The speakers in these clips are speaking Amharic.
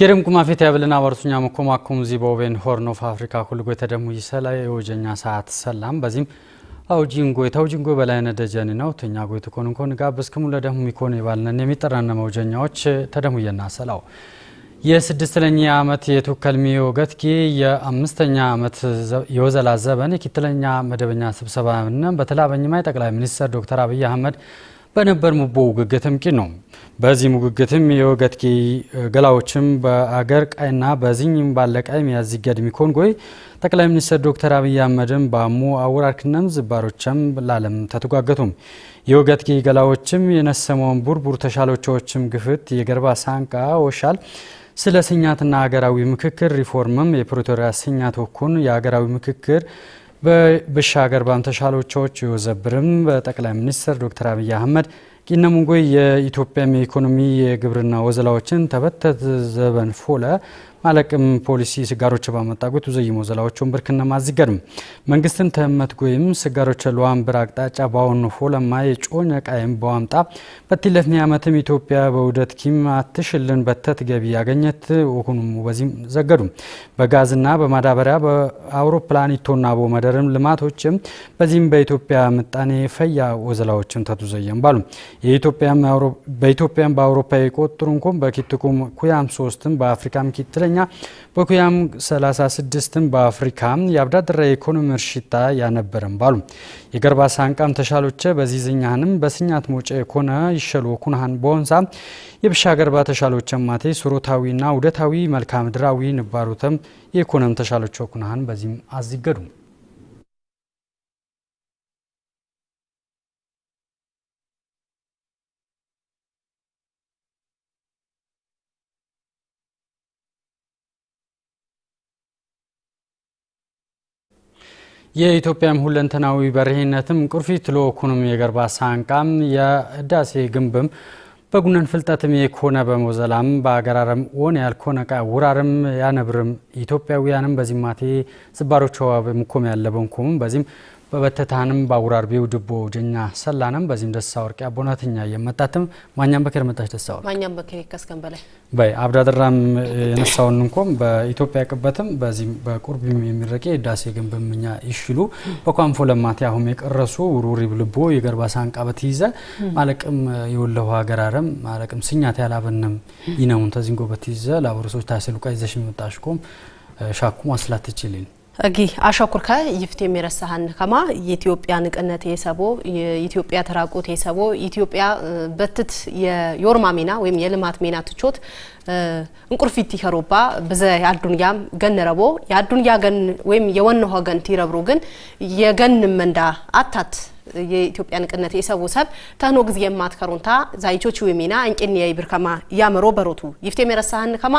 ጌርም ጉማፌ ያብልና ወርሱኛ መኮማኩም ዚ በኦቤን ሆርን ኦፍ አፍሪካ ኩል ጎይተ ደሙ ይሰላ የወጀኛ ሰዓት ሰላም በዚህም አውጂን ጎይ ታውጂን ጎይ በላይነ ደጀን ነው ተኛ ጎይ ተኮን እንኮን ጋ በስክሙ ለደሙ ይኮን ይባልነን የሚጠራነ መውጀኛዎች ተደሙ የና የናሰላው የስድስተኛ ዓመት የቱከልሚ ወገት ወገትኪ የአምስተኛ ዓመት የወዘላ ዘበን የኪትለኛ መደበኛ ስብሰባ ነን በተላበኝማይ ጠቅላይ ሚኒስትር ዶክተር አብይ አህመድ በነበር ሙቦ ውግግት እምቂን ነው። በዚህ ሙግግትም የወገትጌ ገላዎችም በአገር ቀይና በዚህም ባለቃይ ሚያዚ ሚኮን ጎይ ጠቅላይ ሚኒስትር ዶክተር አብይ አህመድም በአሞ አውራርክነም ዝባሮችም ላለም ተተጓገቱም የወገትጌ ገላዎችም የነሰመውን ቡርቡር ተሻሎቻዎችም ግፍት የገርባ ሳንቃ ወሻል ስለ ስኛትና ሀገራዊ ምክክር ሪፎርምም የፕሪቶሪያ ስኛት ወኩን የሀገራዊ ምክክር በሻገር በብሻገር ባንተሻሎቾች ይወዘብርም በጠቅላይ ሚኒስትር ዶክተር አብይ አህመድ ቂነሙንጎይ የኢትዮጵያ የኢኮኖሚ የግብርና ወዘላዎችን ተበተት ዘበን ፎለ ማለቅም ፖሊሲ ስጋሮች ባመጣጉት ውዘይ ሞዘላዎቹን ብርክና ማዚገርም መንግስትን ተመትጎይም ስጋሮች ለዋን ብር አቅጣጫ ባወኑ ሆለማ የጮኝ ቃይም በዋምጣ በትለፍኒ ዓመትም ኢትዮጵያ በውደት ኪም አትሽልን በተት ገቢ ያገኘት ሆኑም በዚህም ዘገዱ በጋዝና በማዳበሪያ በአውሮፕላን ይቶና በመደርም ልማቶችም በዚህም በኢትዮጵያ ምጣኔ ፈያ ወዘላዎችን ተቱዘየም ባሉ በኢትዮጵያም በአውሮፓ የቆጥሩ እንኮም በኪትኩም ኩያም ሶስትም በአፍሪካም ኪትለ ስድስተኛ በኩያም 36ን በአፍሪካ የአብዳድራ የኢኮኖሚ እርሽታ ያነበረም ባሉ የገርባ ሳንቃም ተሻሎቸ በዚህ ዝኛህንም በስኛት ሞጨ የኮነ ይሸሉ ኩንሃን በወንሳ የብሻ ገርባ ተሻሎቼ ማቴ ሱሮታዊና ውደታዊ መልካምድራዊ ንባሩተም የኢኮኖም ተሻሎቼ ኩንሃን በዚህም አዚገዱም የኢትዮጵያም ሁለንተናዊ በርሄነትም ቁርፊት ለኢኮኖሚ የገርባ ሳንቃም የህዳሴ ግንብም በጉነን ፍልጠትም የኮነ በሞዘላም በአገራረም ወን ያልኮነ ቃ ውራርም ያነብርም ኢትዮጵያውያንም በዚህማቴ ስባሮቿ ምኮም ያለበንኩም በዚህም በበተታንም ባውራርቢው ድቦ ጀኛ ሰላንም በዚህም ደሳ ወርቅ አቦናትኛ የመጣትም ማኛም በከር መጣች ደሳ ወርቅ ማኛም በከር ይከስከን በላይ በይ አብዳድራም የነሳውን እንኮም በኢትዮጵያ ቅበትም በዚህ በቁርቢም የሚረቄ ዳሴ ግን በምኛ ይሽሉ በኳንፎ ለማት ያሁም የቀረሱ ውሩሪ ብልቦ የገርባ ሳንቃ በትይዘ ማለቅም የወለሁ ሀገራረም ማለቅም ስኛት ያላበንም ይነውን ተዚንጎ በትይዘ ላቦርሶች ታሰሉቃ ይዘሽ የሚመጣሽኮም ሻኩም አስላት ይችላል ሕጊ አሸኩርከ ይፍት የሚረሳህን ከማ የኢትዮጵያ ንቅነት የሰቦ የኢትዮጵያ ተራቆት የሰቦ ኢትዮጵያ በትት የዮርማ ሜና ወይም የልማት ሜና ትቾት እንቁርፊት ይከሮባ በዘ የአዱንያም ገን ረቦ የአዱንያ ገን ወይም የወነሆ ገን ቲረብሮ ግን የገን መንዳ አታት የኢትዮጵያ ንቅነት የሰቡ ሰብ ተህኖ ጊዜ የማትከሩንታ ከሩንታ ዛይቾች ወሚና አንቄን የብርከማ ያመሮ በሮቱ ይፍቴ መረሳህን ከማ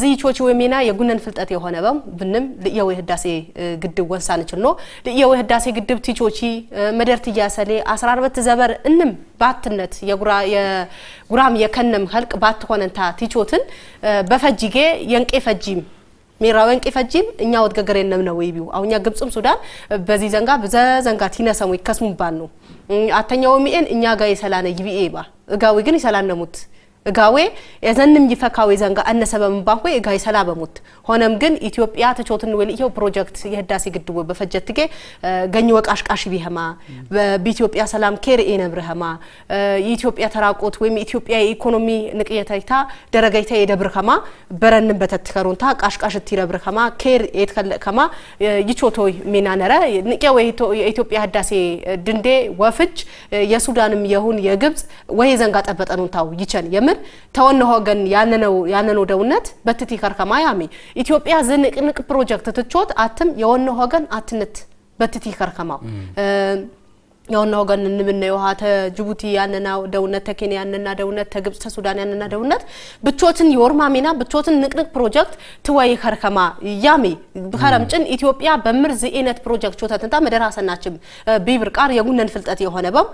ዚቾች ወሚና የጉነን ፍልጠት የሆነ በም ብንም ለየው የህዳሴ ግድብ ወንሳን ይችላል ነው ለየው የህዳሴ ግድብ ቲቾቺ መደርት ያሰሌ 14 ዘበር እንም ባትነት የጉራ የጉራም የከነም ህልቅ ባት ሆነንታ ቲቾትን በፈጅጌ የንቄ ፈጂም ሜራወን ቂፈጂን እኛ ወድገገር የለም ነው ይቢው አሁንኛ ግብጽም ሱዳን በዚህ ዘንጋ በዘ ዘንጋ ቲነሰሙ ይከስሙባን ነው አተኛው ሚኤን እኛ ጋር የሰላነ ይቢኤ ባ እጋዊ ግን ይሰላነሙት እጋዌ የዘንም ይፈካው ዘንጋ አነሰበም ባሁ እጋይ ሰላ በሙት ሆነም ግን ኢትዮጵያ ተቾትን ወል ይሄው ፕሮጀክት የህዳሴ ግድቡ በፈጀት ጌ ገኝ ወቃሽቃሽ ቢሄማ በኢትዮጵያ ሰላም ኬር ኤነብርሃማ የኢትዮጵያ ተራቆት ወይም ኢትዮጵያ የኢኮኖሚ ንቅየታይታ ደረገይታ የደብርከማ በረንም በተትከሩንታ ቃሽቃሽ ትይረብርከማ ኬር የትከለከማ ይቾቶይ ነረ ንቅያ ወይ ኢትዮጵያ ህዳሴ ድንዴ ወፍጅ የሱዳንም የሁን የግብጽ ወይ ዘንጋ ጠበጠኑንታው ይቸን የምር ግን ተወነ ሆገን ያነኖ ደውነት በትቲ ከርከማ ያሜ ኢትዮጵያ ዝንቅንቅ ፕሮጀክት ትቾት አትም የወነ ሆገን አትነት በትቲ ከርከማው የሆነ ወገን ንምነ የውሃ ተጅቡቲ ያንና ደውነት ተኬንያ ያንና ደውነት ተግብጽ ተሱዳን ያንና ደውነት ብቾትን ሚና ብቾትን ንቅንቅ ፕሮጀክት ትወይ ከርከማ ያሜ ከረምጭን ኢትዮጵያ በምር ዝኤነት ፕሮጀክት ቾተትንታ መደራሰናችም ቢብር ቃር የጉነን ፍልጠት የሆነ በም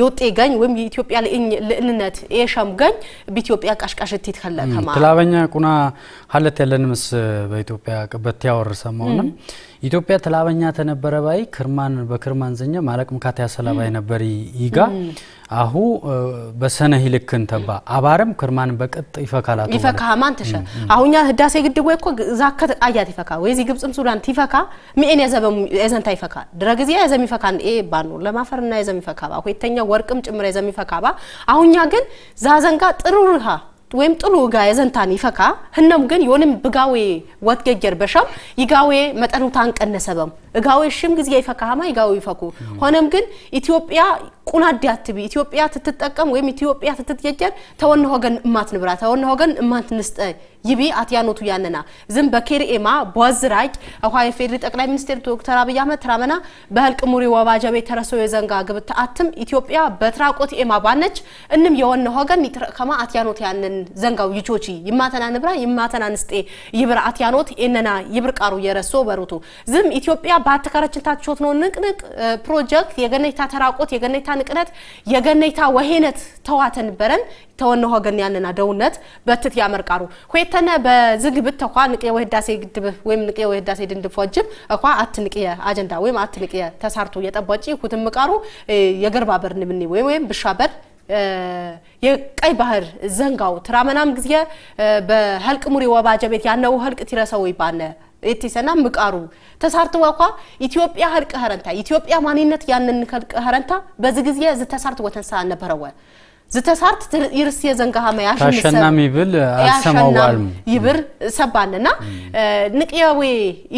የውጤ ገኝ ወይም የኢትዮጵያ ልዕልነት ኤሸም ገኝ በኢትዮጵያ ቃሽቃሽት ይትከለከማ ትላበኛ ቁና ሀለት ያለንምስ በኢትዮጵያ ቅበት ያወር ሰማውንም ኢትዮጵያ ትላበኛ ተነበረ ባይ ክርማን በክርማን ዘኛ ማለቅ ምካት ያሰላባይ ነበር ይጋ አሁ በሰነ ሂልክን ተባ አባረም ክርማን በቅጥ ይፈካላ ይፈካ ማን ተሸ አሁኛ ህዳሴ ግድብ ወይ እኮ ዛከ አያት ይፈካ ወይ ዚ ግብጽም ሱዳን ቲፈካ ሚኤን የዘበም የዘንታ ይፈካ ድረግዚ የዘም ይፈካ ኤ ባኑ ለማፈርና የዘም ይፈካ ባ ሁይተኛ ወርቅም ጭምር የዘም ይፈካ ባ አሁኛ ግን ዛዘንጋ ጥሩ ጥሩርሃ ወይም ጥሉ ጋ የዘንታን ይፈካ ህነም ግን የሆንም ብጋዌ ወትገጀር በሻም ይጋዌ መጠኑ ታንቀነሰበም እጋዌ ሽም ጊዜ ይፈካ ሀማ ይጋዌ ይፈኩ ሆነም ግን ኢትዮጵያ ቁናዴ አትቢ ኢትዮጵያ ትትጠቀም ወይም ኢትዮጵያ ትትጀጀር ተወነ ሆገን እማት ንብራ ተወነ ሆገን እማት ንስጠ ይቢ አትያኖቱ ያነና ዝም በኬርኤማ ቦዝራይ አኳ የፌዴሪ ጠቅላይ ሚኒስትር ዶክተር አብይ አህመድ ትራመና በህልቅ ሙሪ ወባጀቤ ተረሶ የዘንጋ ግብት አትም ኢትዮጵያ በትራቆት ኤማ ባነች እንም የወነ ሆገን ከማ አትያኖት ያነን ዘንጋው ይቾቺ ይማተና ንብራ ይማተና ንስጤ ይብር አትያኖት ኤነና ይብር ቃሩ የረሶ በሩቱ ዝም ኢትዮጵያ ባትከረችንታችሁት ነው ንቅንቅ ፕሮጀክት የገነታ ተራቆት የገነታ ጌታ ንቅነት የገነይታ ወሄነት ተወነ ሆገን ያንን አደውነት በትት ያመርቃሩ ሆይተነ በዝግብት ተኳ ንቅየ የወህዳሴ ግድብ ወይም ንቅየ የወህዳሴ ድንድብ ወጅብ እኳ አትንቅየ አጀንዳ ወይም አትንቅየ ተሳርቶ የጠባጭ ሁትምቃሩ የገርባበር ንብኒ ወይም ብሻበር የቀይ ባህር ዘንጋው ትራመናም ጊዜ በህልቅ ሙሪ ወባጀቤት ያነው ህልቅ ቲረሰው ይባነ ኤቲሰና ምቃሩ ተሳርትዋ እኳ ኢትዮጵያ ህልቅ ሀረንታ ኢትዮጵያ ማንነት ያንን ህልቅ ሀረንታ በዚህ ጊዜ ዝተሳርት ወተንሳ ነበረወ ዝተሳርት ይርስ የዘንጋሃ ዘንጋሃመ ያሸናም ይብል አልሰማዋልም ይብር ሰባንና ንቅያዌ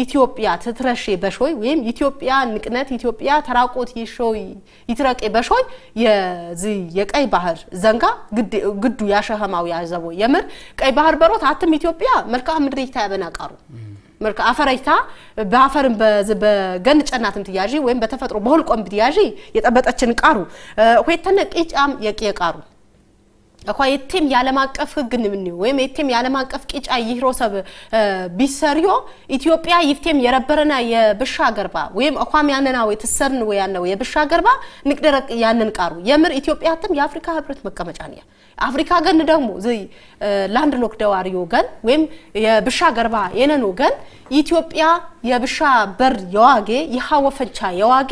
ኢትዮጵያ ትትረሼ በሾይ ወይም ኢትዮጵያ ንቅነት ኢትዮጵያ ተራቆት ይሾይ ይትረቄ በሾይ የዚ የቀይ ባህር ዘንጋ ግዱ ያሸኸማው ያዘቦ የምር ቀይ ባህር በሮት አትም ኢትዮጵያ መልካም ምድሪ ይታያበና ቃሩ marka አፈረይታ በአፈርን በገን ጨናትም ትያዢ ወይም በተፈጥሮ በሆልቆም ብትያዢ የጠበጠችን ቃሩ ሆይተነ ቂጫም የቂ ቃሩ እኳ የቴም የዓለም አቀፍ ህግ ንምኒ ወይም የቴም የዓለም አቀፍ ቂጫ ይህሮ ሰብ ቢሰሪዮ ኢትዮጵያ ይፍቴም የረበረና የብሻ ገርባ ወይም እኳም ያነና ወይ ትሰርን ወይ ያነ የብሻ ገርባ ንቅደረቅ ያንን ቃሩ የምር ኢትዮጵያትም የአፍሪካ ህብረት መቀመጫ ነው አፍሪካ ገን ደግሞ ላንድ ሎክ ደዋሪዮ ገን ወይም የብሻ ገርባ የነን ወገን ኢትዮጵያ የብሻ በር የዋጌ የሃወፈቻ የዋጌ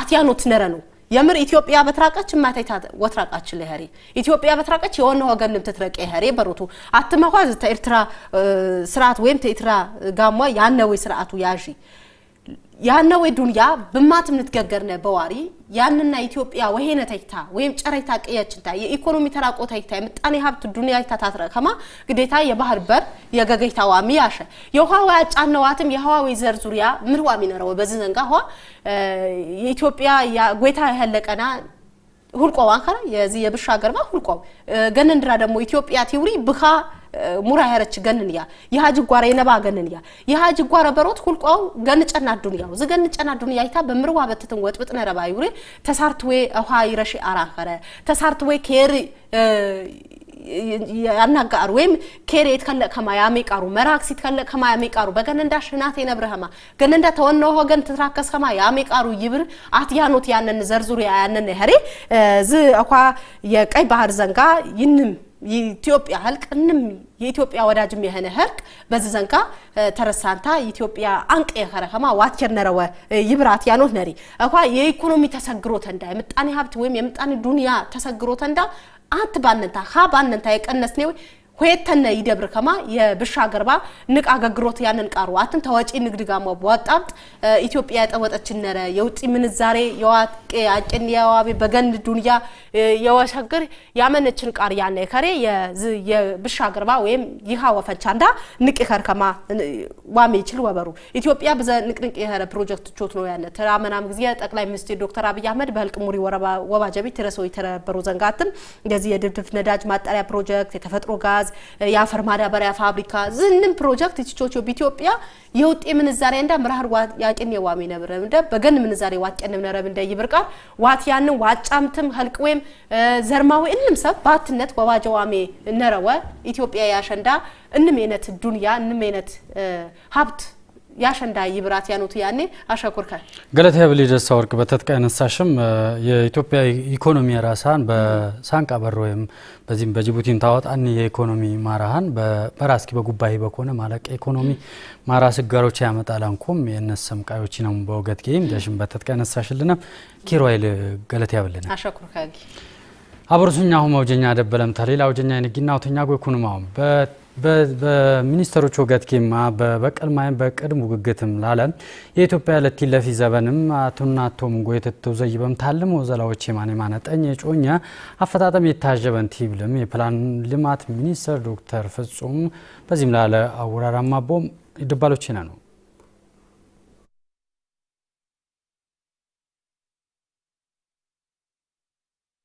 አትያኖት ነረ ነው የምር ኢትዮጵያ በትራቀች ማታይታ ወትራቃች ለሄሪ ኢትዮጵያ በትራቀች የሆነ ወገን ልምትትረቀ ሄሪ በሩቱ አትመኳዝ ተኤርትራ ስርዓት ወይም ተኤርትራ ያነ ወይ ስርዓቱ ያዢ ያነ ወይ ዱንያ ብማት ምትገገርነ በዋሪ ያንና ኢትዮጵያ ወሄነ ተይታ ወይም ጨረይታ ቀያችንታ የኢኮኖሚ ተራቆ ተይታ የምጣኔ ሀብት ዱንያ ይታ ታትረ ከማ ግዴታ የባህር በር የገገይታ ዋሚ ያሸ የውሃ ዋ ጫነዋትም የህዋ ወይ ዘር ዙሪያ ምን ዋሚ ነረወ በዚ ዘንጋ ሆ የኢትዮጵያ ጎይታ ያለቀና ሁልቆ ዋንከራ የዚህ የብሻ ገርማ ሁልቆ ገነንድራ ደግሞ ኢትዮጵያ ቲውሪ ብካ ሙራ ያረች ገንንያ የሀጅ ጓረ የነባ ገንንያ የሀጅ ጓረ በሮት ሁልቋው ገን ጨና ዱንያው ዝገን ጨና ዱንያ ይታ በምርዋ በትትን ወጥብጥ ነረባ ይውሪ ይውሬ ተሳርትዌ ውሃ ይረሽ አራኸረ ወይ ኬር ያናጋሩ ወይም ኬሬ ይትከለቅ ከማ ያሜቃሩ መራክስ ይትከለቅ ከማ ያሜቃሩ በገነንዳ ሽናት የነብረህማ ገነንዳ ተወነው ሆገን ትትራከስ ከማ ያሜቃሩ ይብር አትያኖት ያነን ዘርዙሪ ያነን ሄሬ ዝ አኳ የቀይ ባህር ዘንጋ ይንም የኢትዮጵያ ህልቅንም የኢትዮጵያ ወዳጅም የሆነ ህርቅ በዚ ተረሳንታ የኢትዮጵያ አንቀ የከረከማ ዋትቸር ነረወ ይብራት ያኖት ነሪ እኳ የኢኮኖሚ ተሰግሮ ተንዳ የምጣኔ ሀብት ወይም የምጣኔ ዱንያ ተሰግሮ ተንዳ አት ባነንታ ሀ ባነንታ የቀነስ ነው ሁየተነ ይደብር ከማ የብሻ ገርባ ንቅ አገግሮት ያንን ቃሩ አትን ታዋጪ ንግድ ጋማ በዋጣምጥ ኢትዮጵያ ያጠወጠች ነረ የውጪ ምንዛሬ የዋቄ አጭን የዋቤ በገን ዱንያ የወሸግር ያመነችን ቃር ያነ ከሬ የብሻ ገርባ ወይም ይሃ ወፈቻ እንዳ ንቅ ይኸር ከማ ዋሜ ይችል ወበሩ ኢትዮጵያ ብዘ ንቅንቅ የኸረ ፕሮጀክት ቾት ነው ያነ ተራመናም ጊዜ ጠቅላይ ሚኒስትር ዶክተር አብይ አህመድ በህልቅ ሙሪ ወረባ ወባጀቢ ተረሰው የተረበሩ ዘንጋትም እንደዚህ የድፍድፍ ነዳጅ ማጣሪያ ፕሮጀክት የተፈጥሮ ጋዝ የአፈር ማዳበሪያ ፋብሪካ ዝንም ፕሮጀክት ችቾቾ በኢትዮጵያ የውጤ ምንዛሬ እንዳ ምራህር ያቄን የዋሚ ነብረ እንደ በገን ምንዛሬ ዋቄን ነብረብ እንደ ይብርቃ ዋት ያንን ዋጫምትም ህልቅ ወይም ዘርማዊ እንም ሰብ ባትነት ወባጀዋሜ ነረወ ኢትዮጵያ ያሸንዳ እንም የነት ዱንያ እንም የነት ሀብት የአሸንዳ ይብራት ያኑት ያኔ አሸኩርከ ገለቴ ያብል ደሳ ወርቅ በተጥቃ ያነሳሽም የኢትዮጵያ ኢኮኖሚ ራሳን በሳንቃ በር ወይም በዚህም በጅቡቲን ታወጣን የኢኮኖሚ ማራሃን በራስኪ በጉባኤ በኮነ ማለቅ ኢኮኖሚ ማራ ስጋሮች ያመጣል አንኩም የነሰም ቃዮች ነው በውገት ጌም ደሽም በተጥቃ ያነሳሽልነ ኪሮይል ገለቴ ያብልን አሸኩርከ አብርሱኛ ሁመውጀኛ ደበለም ተሌላ ውጀኛ ንግና ውተኛ ጎይኩንማው በሚኒስትሮቹ ኬማ በበቀል ማይም በቅድሙ ውግግትም ላለ የኢትዮጵያ ለቲ ለፊ ዘበንም አቶና አቶ ጎ የትትው ዘይበም ታልሞ ዘላዎች የማኔ ማነጠኝ የጮኛ አፈጣጠም የታጀበን ቲብልም የፕላን ልማት ሚኒስተር ዶክተር ፍጹም በዚህም ላለ አውራራማ ቦም ይድባሎች ነው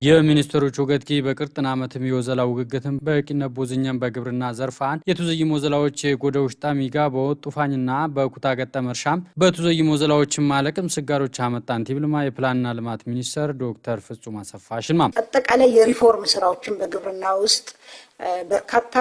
የሚኒስትሮቹ ገትኪ በቅርጥን አመትም የወዘላ ውግግትም በቂነ ቦዝኛም በግብርና ዘርፋን የቱዘይም ወዘላዎች የጎደውሽ ጣሚጋ በወጡፋኝና በኩታ ገጠም እርሻም በቱዘይም ወዘላዎችን ማለቅም ስጋሮች አመጣን ቲብልማ የፕላንና ልማት ሚኒስተር ዶክተር ፍጹም አሰፋ ሽልማ አጠቃላይ የሪፎርም ስራዎችን በግብርና ውስጥ በርካታ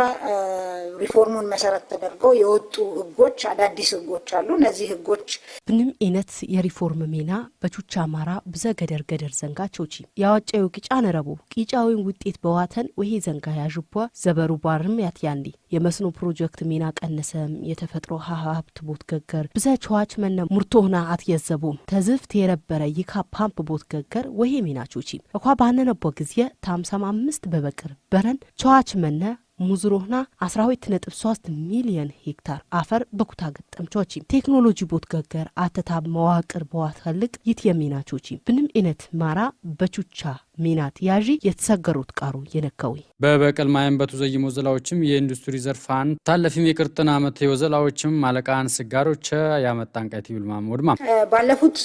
ሪፎርሙን መሰረት ተደርገው የወጡ ህጎች፣ አዳዲስ ህጎች አሉ። እነዚህ ህጎች ምንም አይነት የሪፎርም ሜና በቹቻ አማራ ብዘ ገደር ገደር ዘንጋ ቾቺ ያዋጨው ቂጫ ነረቡ ቂጫዊን ውጤት በዋተን ወሄ ዘንጋ ያዥቧ ዘበሩ ቧርም ያትያንዲ የመስኖ ፕሮጀክት ሜና ቀነሰም የተፈጥሮ ሀሀብት ቦት ገገር ብዘ ቸዋች መነ ሙርቶሆና አትየዘቡም ተዝፍት የነበረ ይካ ፓምፕ ቦት ገገር ወሄ ሜና ቾቺ እኳ ባነነቦ ጊዜ ታምሳም አምስት በበቅር በረን ቸዋች maintenant ሙዝሮህና 123 ሚሊዮን ሄክታር አፈር በኩታ ገጠም ቾቺ ቴክኖሎጂ ቦት ገገር አተታብ መዋቅር በዋተልቅ ይት የሚና ቾቺ ብንም ኢነት ማራ በቹቻ ሚናት ያዢ የተሰገሩት ቃሩ የነከዊ በበቀል ማየን በቱ ዘይሞ ዘላዎችም የኢንዱስትሪ ዘርፋን ታለፊም የቅርጥን አመት የወዘላዎችም ማለቃን ስጋሮች ያመጣን ቀት ይብልማም ማሞድማ ባለፉት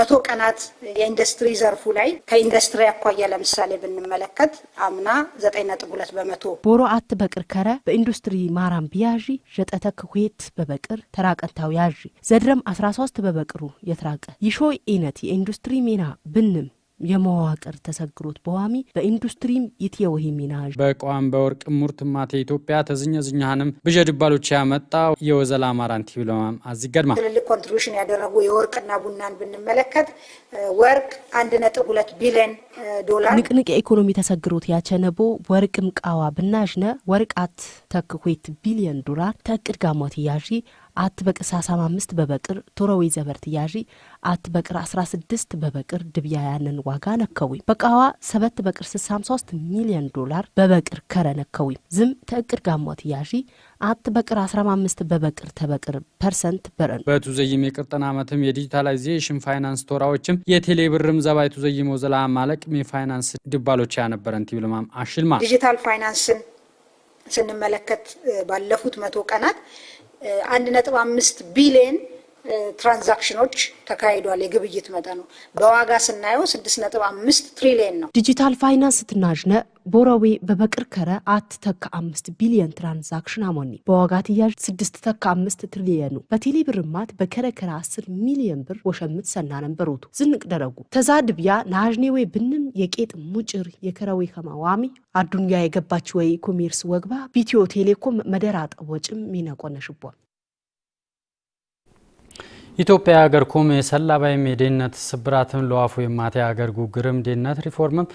መቶ ቀናት የኢንዱስትሪ ዘርፉ ላይ ከኢንዱስትሪ አኳያ ለምሳሌ ብንመለከት አምና 9.2 በመቶ ቦሮ በቅር ከረ በኢንዱስትሪ ማራም ብያዢ ዠጠተክ ሁት በበቅር ተራቀንታው ያዢ ዘድረም 13 በበቅሩ የትራቀ ይሾይ ኢነት የኢንዱስትሪ ሜና ብንም የመዋቅር ተሰግሮት በዋሚ በኢንዱስትሪም ይትየውሂ ሚናዥ በቋም በወርቅ ሙርትማቴ ኢትዮጵያ ተዝኘ ዝኛህንም ብዠ ድባሎች ያመጣ የወዘላ አማራንቲ ብለማም አዚገድማ ትልልቅ ኮንትሪቢሽን ያደረጉ የወርቅና ቡናን ብንመለከት ወርቅ አንድ ነጥብ ሁለት ቢሊዮን ዶላር ንቅንቅ የኢኮኖሚ ተሰግሮት ያቸነቦ ወርቅም ቃዋ ብናዥነ ወርቃት ተክኮት ቢሊዮን ዶላር ተቅድ ጋሞት ያዢ አት ሳሳም 35 በበቅር ቶረዊ ዘበርት ያዢ አት በቅር 16 በበቅር ድብያ ያንን ዋጋ ነከዊ በቃዋ ሰበት በቅር 63 ሚሊዮን ዶላር በበቅር ከረ ነከዊ ዝም ተእቅድ ጋሞት ያዢ አት በቅር 15 በበቅር ተበቅር ፐርሰንት በረን በቱዘይም የቅርጥን ዓመትም የዲጂታላይዜሽን ፋይናንስ ቶራዎችም የቴሌብርም ዘባይ ቱዘይሞ ዘላ ማለቅ ፋይናንስ ድባሎች ያነበረን ቲብልማም አሽልማ ዲጂታል ፋይናንስን ስንመለከት ባለፉት መቶ ቀናት አንድ ነጥብ አምስት ቢሊየን ትራንዛክሽኖች ተካሂዷል። የግብይት መጠኑ በዋጋ ስናየው ስድስት ነጥብ አምስት ትሪሊየን ነው። ዲጂታል ፋይናንስ ትናዥነ ቦረዌ በበቅር ከረ አት ተከ አምስት ቢሊየን ትራንዛክሽን አሞኒ በዋጋ ትያዥ ስድስት ተከ አምስት ትሪሊየኑ በቴሌ ብርማት በከረከረ አስር ሚሊየን ብር ወሸምት ሰና በሮቱ ዝንቅ ደረጉ ተዛድብያ ናዥኔዌ ብንም የቄጥ ሙጭር የከረዌ ከማዋሚ አዱንያ የገባች ወይ ኮሜርስ ወግባ ቢትዮ ቴሌኮም መደራጠ ወጭም ሚነቆነሽቧል ኢትዮጵያ ሀገር ኩም የሰላባይም የደህንነት ስብራትም ለዋፉ የማቴ ሀገር ጉግርም ደህንነት ሪፎርምም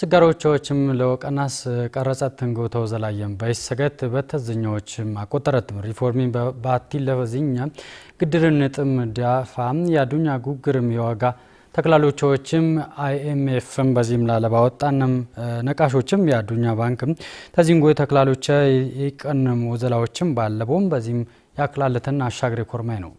ስጋሮቻዎችም ለወቀናስ ቀረጸትን ጎተው ዘላየም በይሰገት በተዝኛዎችም አቆጠረትም ሪፎርሚን በባቲ ለፈዝኛ ግድርን ጥም ዳፋም ያዱኛ ጉግርም የዋጋ ተክላሎቻዎችም አይኤምኤፍም በዚህም ላለ ባወጣንም ነቃሾችም የአዱኛ ባንክም ተዚንጎ ተክላሎቻ የቀንም ወዘላዎችም ባለቦም በዚህም ያክላለትና አሻግሬ ኮርማይ ነው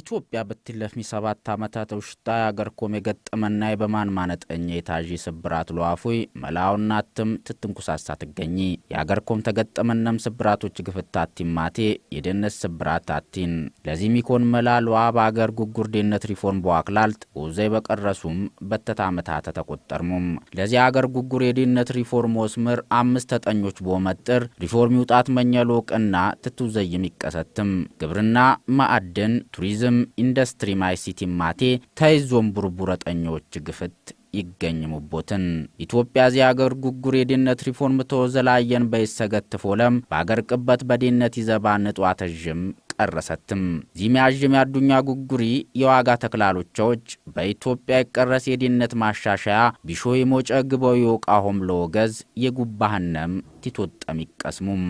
ኢትዮጵያ በትለፍሚ ሰባት ዓመታት ውሽጣ የአገር ኮም የገጠመና የበማን ማነጠኘ የታዥ ስብራት ለዋፉይ መላውና ትም ትትንኩሳሳ ትገኝ የአገር ኮም ተገጠመነም ስብራቶች ግፍታት ቲማቴ የደነት ስብራት አቲን ለዚህ ሚኮን መላ ለዋ በአገር ጉጉር ደነት ሪፎርም በዋክላልት ውዘይ በቀረሱም በተት ዓመታተ ተቆጠርሙም ለዚህ አገር ጉጉር የደነት ሪፎርም ወስምር አምስት ተጠኞች በመጥር ሪፎርም ይውጣት መኘሎቅና ትትውዘይም ይቀሰትም ግብርና፣ ማዕድን፣ ቱሪዝም ቱሪዝም ኢንዱስትሪ ማይሲቲ ማቴ ተይዞም ቡርቡረጠኞች ግፍት ይገኝ ሙቦትን ኢትዮጵያ እዚያ አገር ጉጉር የድነት ሪፎርም ተወዘላየን በይሰገት ፎለም በአገር ቅበት በድነት ይዘባ ንጧ ተዥም ቀረሰትም ዚሚያዥም ያዱኛ ጉጉሪ የዋጋ ተክላሎቻዎች በኢትዮጵያ ይቀረስ የድነት ማሻሻያ ቢሾ የሞጨ ግበው የወቃ ለወገዝ የጉባህነም ቲቶጠም ይቀስሙም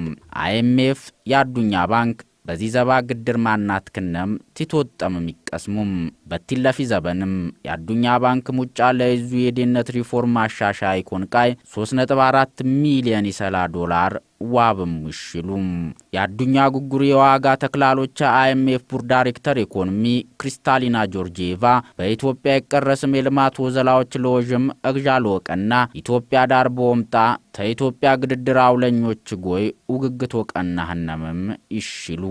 አይኤምኤፍ የአዱኛ ባንክ በዚህ ዘባ ግድር ማናት ክነም ቲትወጠምም ይቀስሙም በቲን ለፊ ዘበንም የአዱኛ ባንክ ሙጫ ለይዙ የዴነት ሪፎርም ማሻሻያ ይኮንቃይ 3.4 ሚሊየን ይሰላ ዶላር ዋብም ይሽሉም የአዱኛ ጉጉር የዋጋ ተክላሎች አይኤምኤፍ ቡር ዳይሬክተር ኢኮኖሚ ክሪስታሊና ጆርጂዬቫ በኢትዮጵያ ይቀረስም የልማት ወዘላዎች ለወዥም እግዣ ለወቀና ኢትዮጵያ ዳር በወምጣ ተኢትዮጵያ ግድድር አውለኞች ጎይ ውግግት ወቀና ህነምም ይሽሉ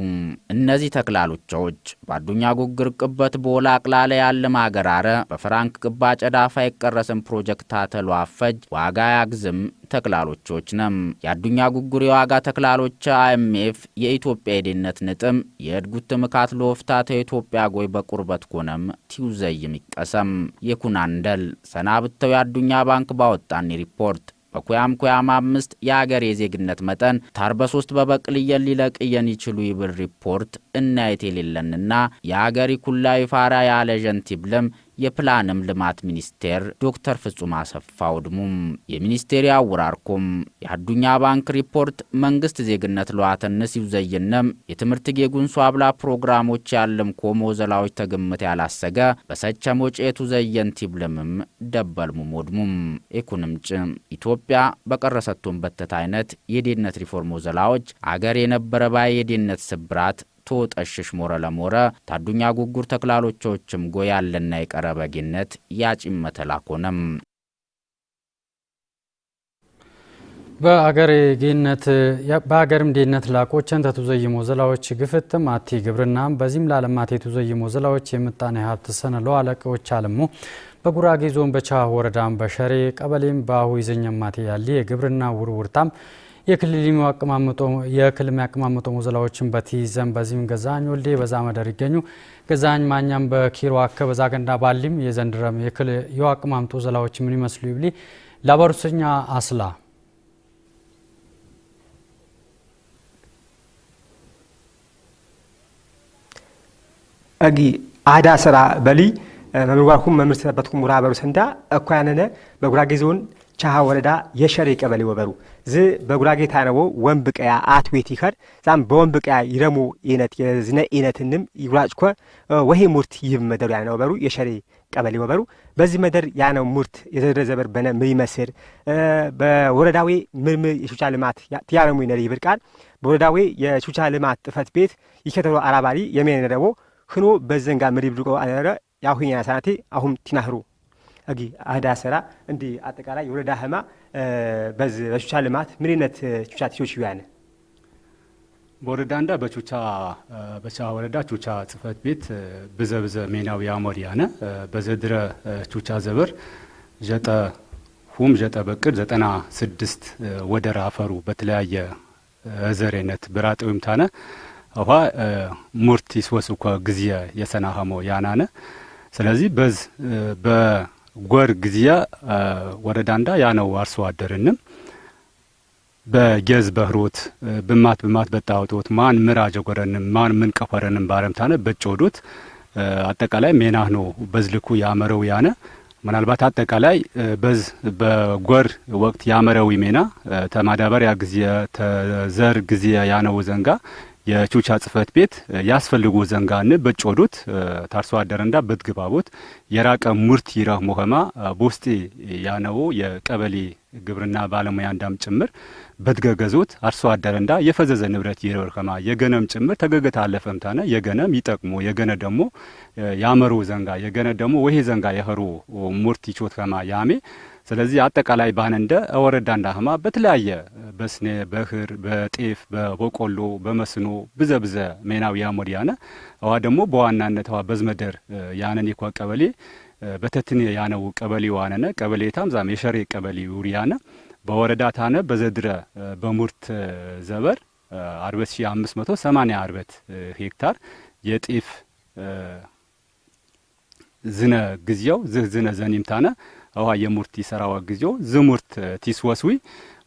እነዚህ ተክላሎቻዎች በአዱኛ ጉግር ቅበት በወላ አቅላለ ያለ ማገራረ በፍራንክ ቅባ ጨዳፋ ይቀረስም ፕሮጀክት አተሏ አፈጅ ዋጋ ያግዝም ተክላሎቾች ነም የአዱኛ ጉጉር የዋጋ ተክላሎች አይኤምኤፍ ጤፍ የኢትዮጵያ የዴነት ንጥም የእድጉት ትምካት ለወፍታተ የኢትዮጵያ ጎይ በቁርበት ኮነም ቲውዘይም ይቀሰም የኩናንደል ሰናብተው የአዱኛ ባንክ ባወጣኒ ሪፖርት በኩያም ኩያም አምስት የአገር የዜግነት መጠን ታርበ ሶስት በበቅልየን ሊለቅየን ይችሉ ይብል ሪፖርት እናየት የሌለንና የአገሪ ኩላዊ ፋራ ያለዠንቲብልም የፕላንም ልማት ሚኒስቴር ዶክተር ፍጹም አሰፋ ውድሙም የሚኒስቴር አውራርኩም የአዱኛ ባንክ ሪፖርት መንግስት ዜግነት ለዋተንስ ይብዘይነም የትምህርት ጌጉንሶ አብላ ፕሮግራሞች ያለም ኮሞ ዘላዎች ተግምት ያላሰገ በሰቸ ሞጬቱ ዘየን ቲብልምም ደበልሙ ሞድሙም ኢኩንምጭ ኢትዮጵያ በቀረሰቱን በተት አይነት የዴነት ሪፎርሞ ዘላዎች አገር የነበረ ባይ የዴነት ስብራት ጠሽሽ ሞረ ለሞረ ታዱኛ ጉጉር ተክላሎቾችም ጎያለና የቀረበጊነት ያጭመተላ ኮነም በአገርም ዴነት ላቆችን ተቱዘይሞ ሞዘላዎች ግፍትም አቲ ግብርናም በዚህም ላለማት የቱዘይሞ ሞዘላዎች የምጣኔ ሀብት ሰነ ለዋለቀዎች አለሙ በጉራጌ ዞን በቻ ወረዳም በሸሬ ቀበሌም በአሁ ይዘኛማቴ ያለ የግብርና ውርውርታም የክልል የሚያቀማመጡ የክልል የሚያቀማመጡ ሞዘላዎችን በቲዘን በዚህም ገዛኝ ወልዴ በዛ መደር ይገኙ ገዛኝ ማኛም በኪሮ አከ በዛ ገንዳ ባሊም የዘንድረም የክልል የአቀማመጦ ዘላዎች ምን ይመስሉ ይብሊ ላባሩስኛ አስላ አጊ አዳ ስራ በሊ መምጓኩም መምርት ተበትኩም ሙራ በሩስ እንዳ ያነነ በጉራጌ ዞን ቻሃ ወረዳ የሸሬ ቀበሌ ወበሩ ዝ በጉራጌ ታረቦ ወንብ ቀያ አትዌት ይኸር ዛም በወንብ ቀያ ይረሙ ኤነት የዝነ ይጉራጭ ኮ ወሄ ሙርት ይብ መደሩ ያነ ወበሩ የሸሬ ቀበሌ ወበሩ በዚህ መደር ያነው ሙርት ዘበር በነ ምይመስር በወረዳዌ ምርምር የሹቻ ልማት ትያረሙ ይነር ይብር ቃል በወረዳዌ የሹቻ ልማት ጥፈት ቤት ይከተሎ አራባሪ የሚያነረቦ ህኖ በዘንጋ ምሪ ብልቆ አነረ ያሁኛ ሳናቴ አሁም ቲናህሩ እጊ አህዳ ሰራ እንዲ አጠቃላይ የወለዳ ህማ በዚ በቹቻ ልማት ምንነት ቹቻ ትሾች ያነ በወረዳ እንዳ በቹቻ በቻ ወረዳ ቹቻ ጽህፈት ቤት ብዘ ብዘ ሜናዊ ያሞር ያነ በዘድረ ቹቻ ዘበር ዠጠ ሁም ዠጠ በቅድ ዘጠና ስድስት ወደራ አፈሩ በተለያየ ዘሬነት ብራጠዊም ታነ አዋ ሙርቲስ ወስኳ ግዚየ የሰናሃሞ ያናነ ስለዚህ በዝ በ ጎር ግዚያ ወረዳንዳ ነው አርሶ አደርንም በጌዝ በህሮት ብማት ብማት በጣውጦት ማን ምራጀ ጎረንም ማን ምን ቀፈረንም ባረምታነ በጮዶት አጠቃላይ ሜናህ ነው በዝልኩ ያመረው ያነ ምናልባት አጠቃላይ በዝ በጎር ወቅት ያመረዊ ሜና ተማዳበሪያ ጊዜ ተዘር ጊዜ ያነው ዘንጋ የቹቻ ጽህፈት ቤት ያስፈልጎ ዘንጋን በጮዶት ታርሶ አደረንዳ በትግባቦት የራቀ ሙርት ይራ ሞኸማ ቦስቴ ያነው የቀበሌ ግብርና ባለሙያ እንዳም ጭምር በትገገዞት አርሶ አደረንዳ የፈዘዘ ንብረት ይረርከማ የገነም ጭምር ተገገት አለፈምታነ የገነም ይጠቅሞ የገነ ደግሞ ያመሮ ዘንጋ የገነ ደግሞ ወሄ ዘንጋ የኸሮ ሙርት ይቾት ከማ ያሜ ስለዚህ አጠቃላይ ባነንደ ወረዳ እንዳህማ በተለያየ በስኔ በህር በጤፍ በቦቆሎ በመስኖ ብዘብዘ ብዘ ሜናው ያሞድ ያነ አዋ ደግሞ በዋናነት አዋ በዝመደር ያነን ይኳ ቀበሌ በተትን ያነው ቀበሌ ዋነነ ቀበሌ ታምዛም የሸሬ ቀበሌ ውሪያነ በወረዳ ታነ በዘድረ በሙርት ዘበር 4580 አርበት ሄክታር የጤፍ ዝነ ግዚያው ዝህ ዝነ ዘኒምታነ ውሃ የሙርት ሰራዋ ጊዜው ዝሙርት ቲስወስዊ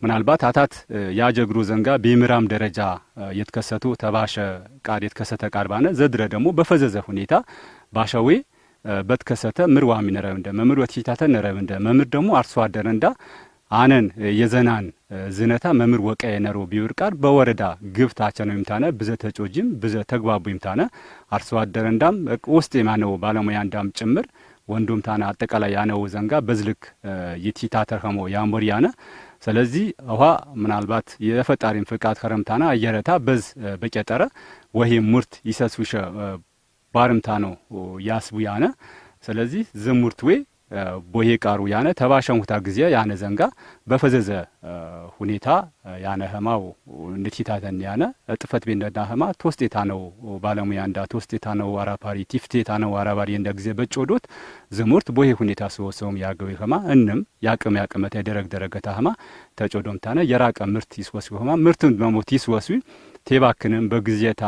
ምናልባት አታት ያጀግሩ ዘንጋ በምራም ደረጃ የተከሰቱ ተባሸ ቃድ የተከሰተ ቃድ ባነ ዘድረ ደግሞ በፈዘዘ ሁኔታ ባሸዌ በተከሰተ ምር ዋሚ ነረብ እንደ መምር ወትሽታተ ነረብ እንደ መምር ደግሞ አርሶ አደረ እንዳ አነን የዘናን ዝነታ መምር ወቀ የነሮ ቢውር ቃር በወረዳ ግብታቸ ነው ይምታነ ብዘ ተጮጂም ብዘ ተግባቡ ይምታነ አርሶ አደረ እንዳም ውስጥ የማነው ባለሙያ እንዳም ጭምር ወንዶም ታነ አጠቃላይ ያነው ዘንጋ በዝልክ የቲታተርከሞ ያምር ያነ ስለዚህ ውሃ ምናልባት የፈጣሪን ፍቃድ ከረምታና አየረታ በዝ በቄጠረ ወሄም ሙርት ይሰሱሸ ባርምታ ነው ያስቡ ያነ ስለዚህ ዝሙርት ወይ ቦሄ ቃሩ ያነ ተባሸንሁታ ጊዜ ያነ ዘንጋ በፈዘዘ ሁኔታ ያነ ህማው ንቲታተን ያነ ጥፈት ቤንደና ህማ ቶስቴታ ነው ባለሙያ እንዳ ቶስቴታ ነው አራፓሪ ቲፍቴታ ነው አራባሪ እንደ ጊዜ በጮዶት ዝሙርት ቦሄ ሁኔታ ስወሰውም ያገዊ ህማ እንም ያቅም ያቅመት ያደረግ ደረገታ ህማ ተጮዶምታነ የራቀ ምርት ይስወስ ህማ ምርትም መሞት ይስወስ ቴባክንም በግዜታ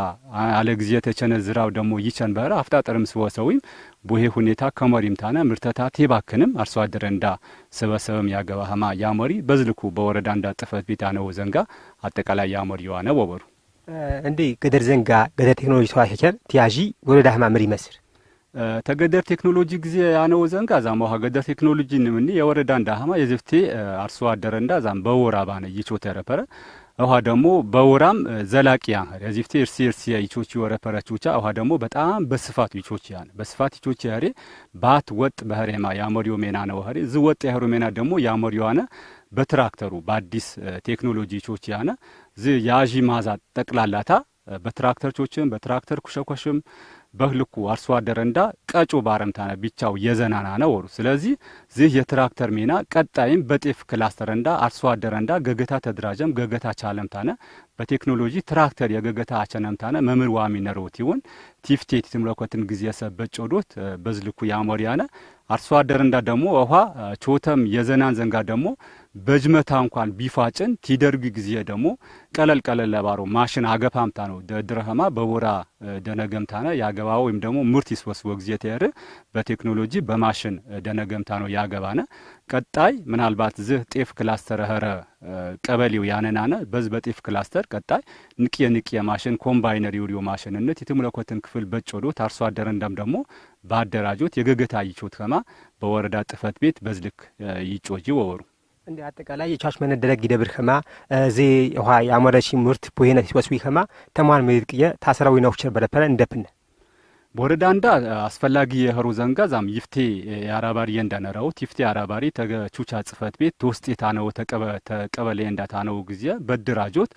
አለ ግዜተ ቸነዝራው ደግሞ ይቸንበረ አፍጣጠርም ስወሰዊም ቡሄ ሁኔታ ታነ ምርተታ ቴባክንም አርሶ አደረ እንዳ ሰበሰበም ያገባ ህማ ያመሪ በዝልኩ በወረዳ እንዳ ጥፈት ቤት አነወ ዘንጋ አጠቃላይ ያመሪ የዋነ ወበሩ እንዴ ገደር ዘንጋ ገደር ቴክኖሎጂ ተዋሸቸር ቲያዢ ወረዳ ህማ ምር ይመስር ተገደር ቴክኖሎጂ ጊዜ ያነው ዘንጋ ዛም ውሃ ገደር ቴክኖሎጂ ንምኒ የወረዳ እንዳ እንዳሃማ የዝፍቴ አርሶ አደረ እንዳ ዛም በወራባነ ይቾ ተረፈረ ውሃ ደግሞ በውራም ዘላቂያ ያዚፍቴ እርሲ እርሲ ይቾቺ ወረፈረቹቻ ውሃ ደግሞ በጣም በስፋት ይቾቺ ያን በስፋት ይቾቺ ያሬ ባት ወጥ በህሬማ ያመሪዮ ሜና ነው ሀሬ ዝ ወጥ ያህሩ ሜና ደግሞ ያመሪዮ አነ በትራክተሩ በአዲስ ቴክኖሎጂ ይቾቺ ያነ ዝ ያዢ ማዛ ጠቅላላታ በትራክተር ቾችም በትራክተር ኩሸኮሽም በህልኩ አርሶ አደር እንዳ ቀጮ ባረምታነ ብቻው የዘናና ነው ወሩ ስለዚህ ዚህ የትራክተር ሜና ቀጣይም በጤፍ ክላስተር እንዳ አርሶ አደር እንዳ ገገታ ተድራጀም ገገታ ቻለምታነ በቴክኖሎጂ ትራክተር የገገታ አቸነምታነ መምር ዋሚ ነሮት ይሁን ቲፍቴት ትምለኮትን ጊዜ ሰበት ጮዶት በዝልኩ ያሞሪያነ አርሶ አደር እንዳ ደግሞ ውሃ ቾተም የዘናን ዘንጋ ደግሞ በጅመታ እንኳን ቢፋጭን ቲደርግ ጊዜ ደግሞ ቀለል ቀለል ለባሮ ማሽን አገፋምታ ነው ድረኸማ በወራ ደነገምታ ነ ያገባ ወይም ደግሞ ምርት ይስወስወ ጊዜ ተያር በቴክኖሎጂ በማሽን ደነገምታ ነው ያገባ ነ ቀጣይ ምናልባት ዝህ ጤፍ ክላስተር ኸረ ቀበሌው ያነናነ በዝ በጤፍ ክላስተር ቀጣይ ንቅየ ንቅየ ማሽን ኮምባይነር የውሪዮ ማሽንነት የትምለኮትን ክፍል በጮዶት አርሶ አደረ እንዳም ደግሞ በአደራጆት የገገታ ይቾት ከማ በወረዳ ጥፈት ቤት በዝልክ ይጮጂ ወወሩ እንደ አጠቃላይ የቻሽ መነደረግ ይደብር ከማ እዚ ውሃ የአሞረሺ ምርት ፖሄነት ሲወስዊ ከማ ተሟን ምድቅየ ታሰራዊ ነውቸር በለፈለ እንደፍነ ወረዳ እንዳ አስፈላጊ የህሩ ዘንጋ ዛም ይፍቴ የአራባሪ የንዳ ይፍቴ አራባሪ ተቹቻ ጽፈት ቤት ተውስጥ የታነው ተቀበለ የንዳ ታነው ጊዜ በድራጆት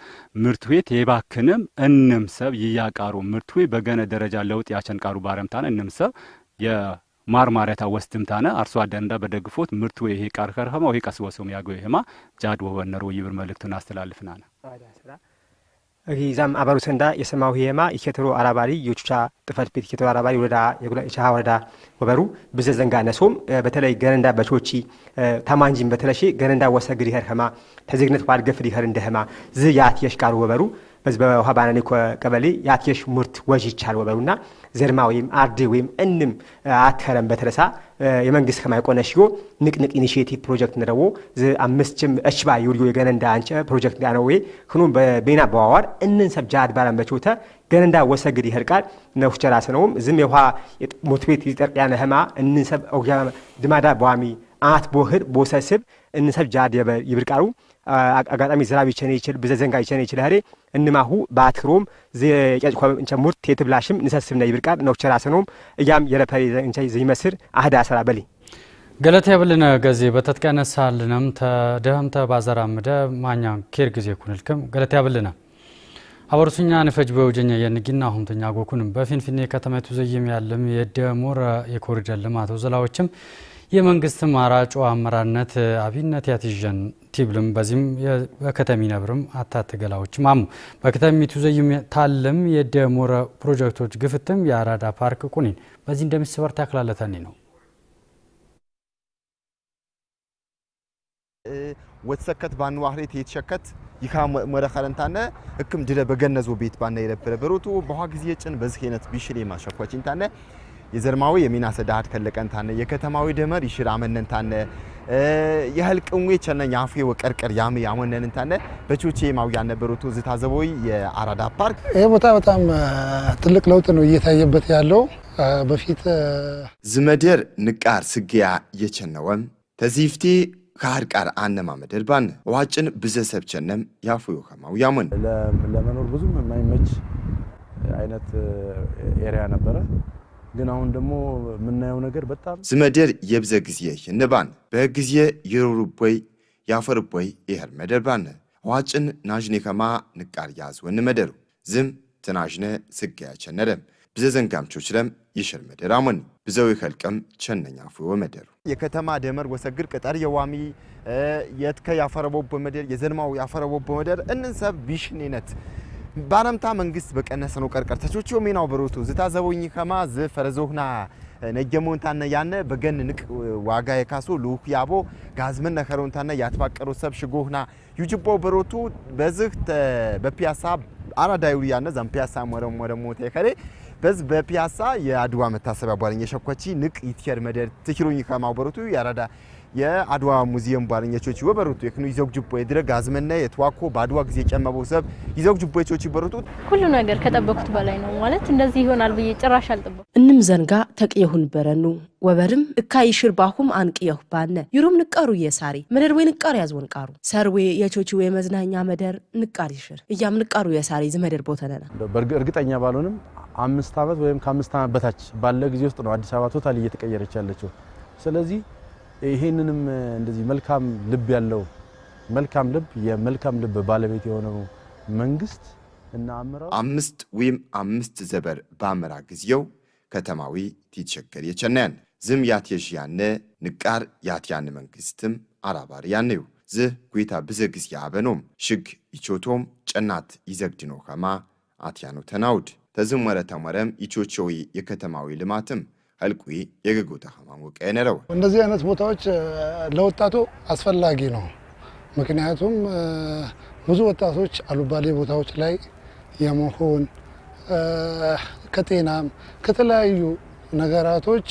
ምርትዌት የባክንም እንም ሰብ ይያቃሩ ምርትዌ በገነ ደረጃ ለውጥ ያቸንቃሩ ባረምታነ እንም ሰብ የማርማሪያታ ወስትምታነ አርሶ አደር እንዳ በደግፎት ምርትዌ ይሄ ቃር ከርኸማ ይሄ ቀስወሰም ያገው ይሄማ ጃድ ወበነሮ ይብር መልእክቱን አስተላልፍናነ ሪዛም አበሩ ሰንዳ የሰማው ሄማ ኢኬትሮ አራባሪ የቹቻ ጥፈት ቤት ኢኬትሮ አራባሪ ወረዳ የቻሃ ወረዳ ወበሩ ብዘ ዘንጋ ነሶም በተለይ ገነንዳ በቾቺ ታማንጂን በተለሺ ገነንዳ ወሰግድ ይኸር ኸማ ተዜግነት ባልገፍድ ይኸር እንደ ኸማ ዝ ያት የሽቃሩ ወበሩ በዚህ በውሃ ባናኔ ቀበሌ የአትየሽ ሙርት ወዥ ይቻል ወበሩና ዘርማ ወይም አርድ ወይም እንም አተረም በተረሳ የመንግስት ከማይቆነ ሽዮ ንቅንቅ ኢኒሽቲቭ ፕሮጀክት ንረቦ አምስትችም እችባ ዩልዮ የገነንዳ አንጨ ፕሮጀክት ዳነዌ ሁኑ በቤና በዋዋር እንን ሰብ ጃድ ባላን በቾተ ገነንዳ ወሰግድ ይህርቃል ነውቸራ ነውም ዝም የውሃ ሞት ቤት ይጠርቅያነ ህማ እንን ሰብ ድማዳ በዋሚ አት ቦህር ቦሰስብ እንሰብ ጃድ ይብርቃሩ አጋጣሚ ዝናብ ይቸነ ይችል ብዘዘንጋ ይቸነ ይችል ህሬ እንማሁ በአትክሮም ዘጨጭኳ እንቸ ሙርት የትብላሽም ንሰስብና ይብርቃል ነውቸራ ሰኖም እያም የረፐሪ እንቸ ዘይመስር አህዳ ሰራ በሊ ገለተ የብልነ ገዜ በተትቀነሳልንም ተደህምተ ባዘራምደ ማኛ ኬር ጊዜ ኩንልክም ገለት ያብልነ አበርሱኛ ንፈጅ በውጀኛ የንጊና ሁምተኛ ጎኩንም በፊንፊኔ ከተማይቱ ዘየም ያለም የደሞረ የኮሪደር ልማት ወዘላዎችም የመንግስት ማራጮ አመራርነት አብነት ያትጀን ቲብልም በዚህም በከተሚ ነብርም አታት ገላዎች ማሙ በከተሚቱ ዘይም ታልም የደሞረ ፕሮጀክቶች ግፍትም የአራዳ ፓርክ ቁኒን በዚህ እንደሚስበር ታክላለታኒ ነው ወትሰከት ባን ዋህሬት የተሸከት ይካ መረከረንታነ ህክም ድለ በገነዞ ቤት ባና የለበረ በሮቱ በኋ ጊዜ ጭን በዚህ አይነት ቢሽሌ ማሸኳችን ታነ የዘርማዊ የሚና ዳሃድ ከለቀንታነ የከተማዊ ደመር ይሽር አመነንታነ የህልቅዌ ቸነኝ አፌ ወቀርቀር ያም ያመነንታነ በቾቼ ማውያ ነበሩት ዝታዘቦይ የአራዳ ፓርክ ይሄ ቦታ በጣም ትልቅ ለውጥ ነው እየታየበት ያለው። በፊት ዝመደር ንቃር ስግያ የቸነወም ተዚፍቲ ከአርቃር አነማ መደርባን ባን ዋጭን ብዘሰብ ቸነም ያፉ ከማው ያመን ለመኖር ብዙም የማይመች አይነት ኤሪያ ነበረ። ግን አሁን ደግሞ የምናየው ነገር በጣም ዝመደር የብዘ ጊዜ ይንባን በጊዜ የሩሩቦይ ያፈርቦይ ይሄር መደር ባነ ዋጭን ናዥን ከማ ንቃር ያዝ ወን መደሩ ዝም ትናዥነ ስጋያ ቸነረም ብዘ ዘንጋምቾች ለም ይሽር መደር አሞን ብዘው ይከልቀም ቸነኛ ፍወ መደሩ የከተማ ደመር ወሰግር ቀጠር የዋሚ የትከ ያፈረቦ በመደር የዘንማው ያፈረቦ በመደር እንንሰብ ቢሽኔነት ባነምታ መንግስት በቀነሰኖ ቀርቀር ተቾቾ ሜናው በሮቱ ዝታ ከማ ዝ ፈረዞህና ነጀሞንታነ ያነ በገን ንቅ ዋጋ የካሶ ልኡክ ያቦ ጋዝመን ነኸሮንታነ ያትባቀሮ ሰብ ሽጎህና ዩጅቦ በሮቱ በዝህ በፒያሳ አራዳዩ ያነ ዛም ፒያሳ ሞረም ሞረም ሞተ ከሬ በዝ በፒያሳ የአድዋ መታሰቢያ ቧለኝ የሸኮቺ ንቅ ይትየር መደር ትችሩኝ ከማ በሮቱ ያራዳ የአድዋ ሙዚየም ባለኘቾች ይወበሩት የክኑ ይዘው ጅቦ የድረ አዝመና የትዋኮ በአድዋ ጊዜ ጨመበው ሰብ ይዘው ጅቦ የቾች ይበሩት ሁሉ ነገር ከጠበኩት በላይ ነው ማለት እንደዚህ ይሆናል ብዬ ጭራሽ አልጠበኩ እንም ዘንጋ ተቅየሁን በረኑ ወበርም እካ ይሽር ባሁም አንቅየሁ ባነ ይሩም ንቀሩ የሳሪ መደር ወይ ንቀሩ ያዝወን ቃሩ ሰርዌ የቾች ወይ መዝናኛ መደር ንቃር ይሽር እያም ንቀሩ የሳሪ ዝመደር ቦተነና እርግጠኛ ባልሆንም አምስት ዓመት ወይም ከአምስት ዓመት በታች ባለ ጊዜ ውስጥ ነው አዲስ አበባ ቶታል እየተቀየረች ያለችው ስለዚህ ይሄንንም እንደዚህ መልካም ልብ ያለው መልካም ልብ የመልካም ልብ ባለቤት የሆነው መንግስት እና አምራው አምስት ወይም አምስት ዘበር በአመራ ግዚያው ከተማዊ ቲቸገር የቸናያን ዝም ያትየሽ ያነ ንቃር ያትያን መንግስትም አራባሪ ያነዩ ዝህ ጉታ ብዘ ግዚያ አበኖም ሽግ ይቾቶም ጨናት ይዘግድኖ ከማ አትያኖ ተናውድ ተዝም ወረ ተመረም ይቾቾዊ የከተማዊ ልማትም አልቁ የገጎታ ማሞቀ ነረው እንደዚህ አይነት ቦታዎች ለወጣቱ አስፈላጊ ነው። ምክንያቱም ብዙ ወጣቶች አሉባሌ ቦታዎች ላይ የመሆን ከጤናም ከተለያዩ ነገራቶች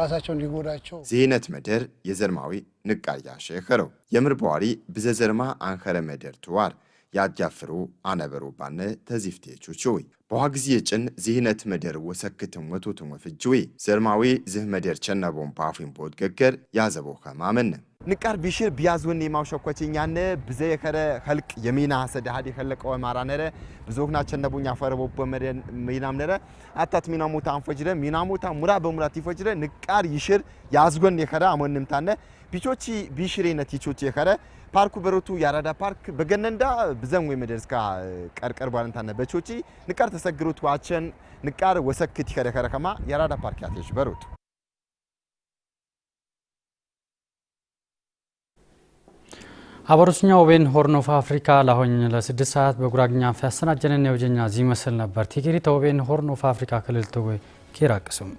ራሳቸውን ሊጎዳቸው ዜነት መደር የዘርማዊ ንቃያ ሸኸረው የምር በዋሪ ብዘዘርማ አንኸረ መደር ትዋር ያጃፍሩ አነበሩ ባነ ተዚፍቴቹ ችዊ በውሃ ጊዜ ጭን ዚህነት መደር ወሰክትም ወቶትም ወፍጅዊ ዘርማዊ ዝህ መደር ቸነቦን ባፊን ቦት ገገር ያዘቦ ከማመን ንቃር ቢሽር ቢያዝወን የማውሸኮችኛነ ብዘ የከረ ኸልቅ የሚና ሰዳሃድ የኸለቀ ወማራ ነረ ብዙና ቸነቡኛ ፈረቦቦ መደን ሚናም ነረ አታት ሚና ሞታ አንፎጅረ ሚና ሞታ ሙራ በሙራት ይፈጅረ ንቃር ይሽር ያዝጎን የከረ አመንምታነ ቢቾቺ ቢሽሬነት ይቾቺ የኸረ ፓርኩ በሮቱ ያራዳ ፓርክ በገነንዳ ብዘን ወይ መደርስካ ቀርቀር ባንታነ በቾቺ ንቃር ተሰግሩት ዋቸን ንቃር ወሰክት ይኸረ ኸረ ከማ ያራዳ ፓርክ ያቴሽ በሮቱ አበሮችኛ ወቤን ሆርን ኦፍ አፍሪካ ላሆኝ ለስድስት ሰዓት በጉራግኛ ፈያሰናጀነን የውጀኛ ዚህ መስል ነበር ቲኬሪ ተወቤን ሆርን ኦፍ አፍሪካ ክልል ተጎይ ኪራቅሱም